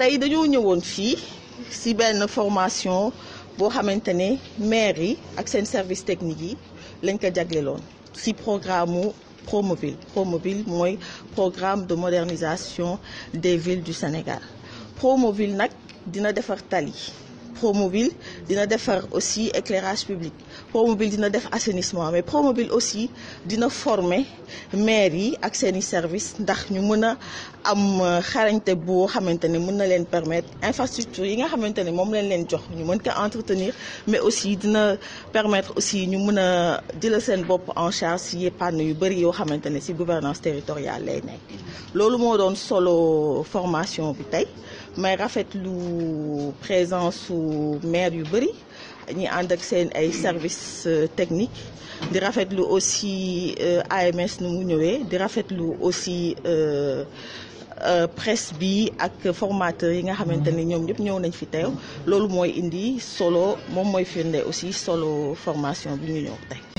Tay dañu ñëwoon fii ci benn formation pour maintenir ne maire yi ak seen service technique yi lañ ko jagleloon programme Promobile Promobile le programme de modernisation des villes du Sénégal Promobile nag dina defar tali promobile dina faire aussi éclairage public promobile dina assainissement mais promobile aussi dina former maire services, service ndax am permettre infrastructure mais aussi permettre aussi ñu en charge gouvernance territoriale solo formation bi mais la présence ou maire yu bëri ñi and ak seen ay services euh, techniques di rafetlu aussi euh, AMS nu mu ñëwee di rafetlu aussi euh, presse bi ak formateur yi nga xamanteni ñom ñep ñew nañ fi tew lolu moy indi solo mom moy firnde aussi solo formation bi ñu ñew